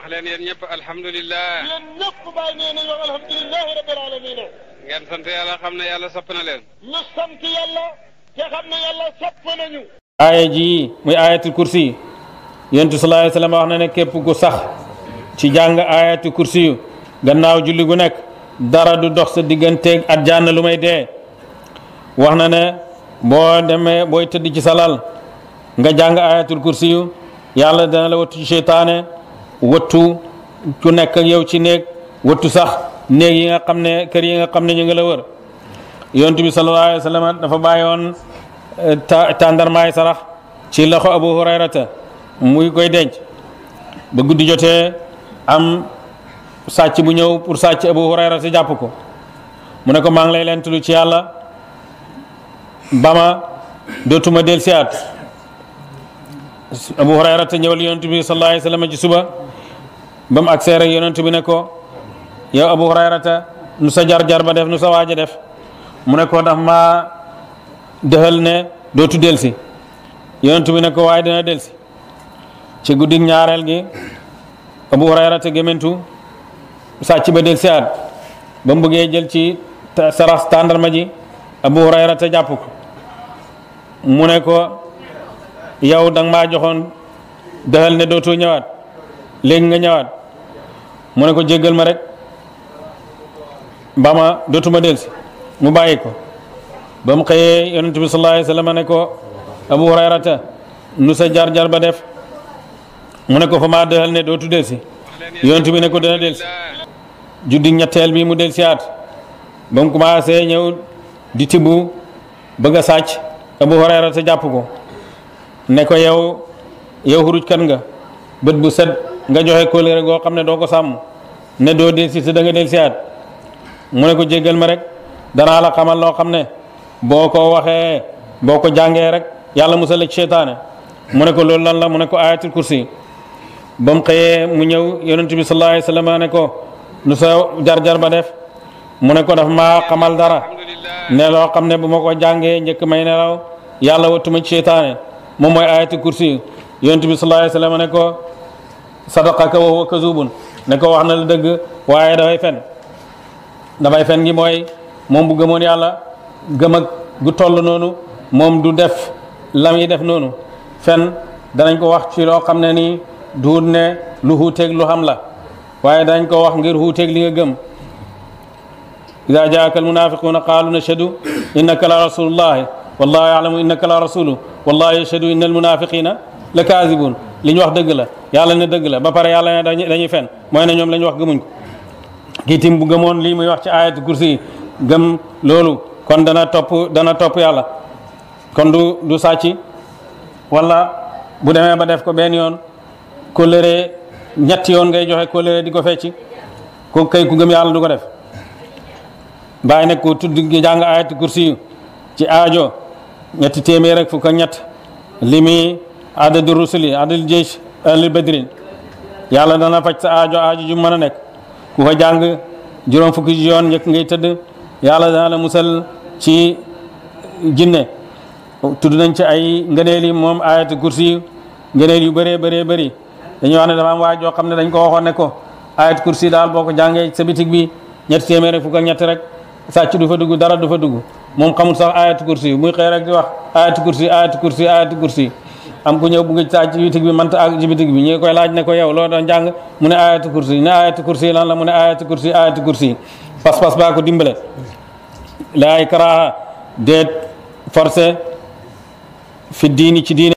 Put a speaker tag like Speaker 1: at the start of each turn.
Speaker 1: wax leen yéen ñëpp alhamdulilah. na leen. muy aayatul kursi yonent wax na ne képp ku sax ci jàng aayatul kursi yu gannaaw julli gu nekk dara du dox sa digganteeg ak jànn lu may dee wax na ne boo demee booy tëdd ci salal nga jàng aayatul kursi yu yàlla dana la wattu ci seytaane wattu ku nekk ak ci néeg wattu sax néeg yi nga xam ne kër yi nga xam ne ñu ngi la wër yontu bi sallallahu alayhi wa sallam dafa bàyyoon eh, tàndarmaay sarax ci loxo abu hurayrata muy koy denc ba guddi jotee am sàcc bu ñëw pour sàcc abu hurayrata jàpp ko mu ne ko maa ngi lay leen ci yàlla bama dootuma del siyaat abu hurayrata ñëwal yontu bi sallallahu alayhi wa sallam ci suba ba mu agsee rek yonent bi ne ko yow abu hurayrata nu sa jar-jar ba def nu sa waaja def mu ne ko daf maa defal ne dootu delsi yonent bi ne ko waaye dina delsi ci guddig ñaareel gi abu hurayrata gémantu sàcc ba delsi at ba mu bëggee jël ci sarax tàndarma ji abu hurayrata jàpp ko mu ne ko yow danga maa joxoon defal ne dootu ñëwaat léegi nga ñëwaat mu ne ko jéggal ma rek ba ma dootuma delsi mu bàyyi ko ba mu xëyee yonent bi sallallahu alayhi wasallam ne ko abu hurayrata nu sa jaar-jaar ba def mu ne ko fa maa dexal ne dootu delsi yonent bi ne ko dana delsi juddi ñetteel bi mu delsiwaat ba mu commencé ñëw di tibbu bëgg a sàcc abu hurayrata jàpp ko ne ko yow yow xuruj kan nga bët bu set nga joxe kóllëre goo xam ne doo ko sàmm ne doo del si sa da nga del siaat mu ne ko jéggal ma rek danaa la xamal loo xam ne boo ko waxee boo ko jàngee rek yàlla musal la ci seytaane mu ne ko loolu lan la mu ne ko ayatul kursi ba mu xëyee mu ñëw yonent bi sallallahu alayhi ne ko lu sa jar-jar ba def mu ne ko daf ma xamal dara ne loo xam ne bu ma ko jàngee njëkk may nelaw yàlla wattuma ma seytaane moom mooy ayatul kursi yonent bi sallallahu alayhi ne ko sadaqaka wa huwa kazubun neko wax na la deug waye da dafay fen da dafay fen gi moy mom bu gëmoon yàlla gëm ak gu toll nonu mom du def lam yi def nonu fen danañ ko wax ci lo xamne ni du ne lu huté ak lu xam la waye dañ ko wax ngir huté ak li nga gëm ida jaaka almunafiquuna qaalu nashhadu innaka la rasulullahi wallahu yaalamu innaka la rasulu wallahu yashhadu inna almunafiqina la li ñu wax dëgg la yàlla ne dëgg la ba pare yàlla ne dañuy fen mooy ne ñoom la ñu wax gëmuñ ko kii tim bu gëmoon lii muy wax ci ayatu kursi yi gëm loolu kon dana topp dana topp yàlla kon du du sàcc wala bu demee ba def ko benn yoon kóllëre ñetti yoon ngay joxe kóllëre di ko fecci ko kay ku gëm yàlla du ko def bàyyi ne ko tudd jàng ayatu kursi yu ci aajo ñetti téeméer rek fukk ak ñett limi adadu rusuli adadu jeysh ahli badrin yàlla dana faj sa aajo aajo ju mën a nekk ku ko jàng juróom fukki yoon njëkk ngi tëdd yàlla dana la musal ci jinne tudd nañ ci ay ngëneel yi moom ayatu kursi yi ngëneel yu bëree bëree bëri dañuy wax ne dafa am waay joo xam ne dañ ko waxoon ne ko ayatu kursi daal boo ko jàngee bi ñetti téeméer rek fukk ñett rek sàcc du fa dugg dara dufa fa dugg moom xamul sax ayatu kursi muy xëy rek di wax ayatu kursi ayatu kursi ayatu kursi am ku ñëw bëgg taaj ci bitig bi mënta ak ci bitig bi ñu koy laaj ne ko yow loo doon jàng mu ne ayatu kursi ne ayatu kursi lan la mu ne ayatu kursi ayatu kursi pas-pas baa ko dimbale laay karaaha déet forcé fi diini ci diine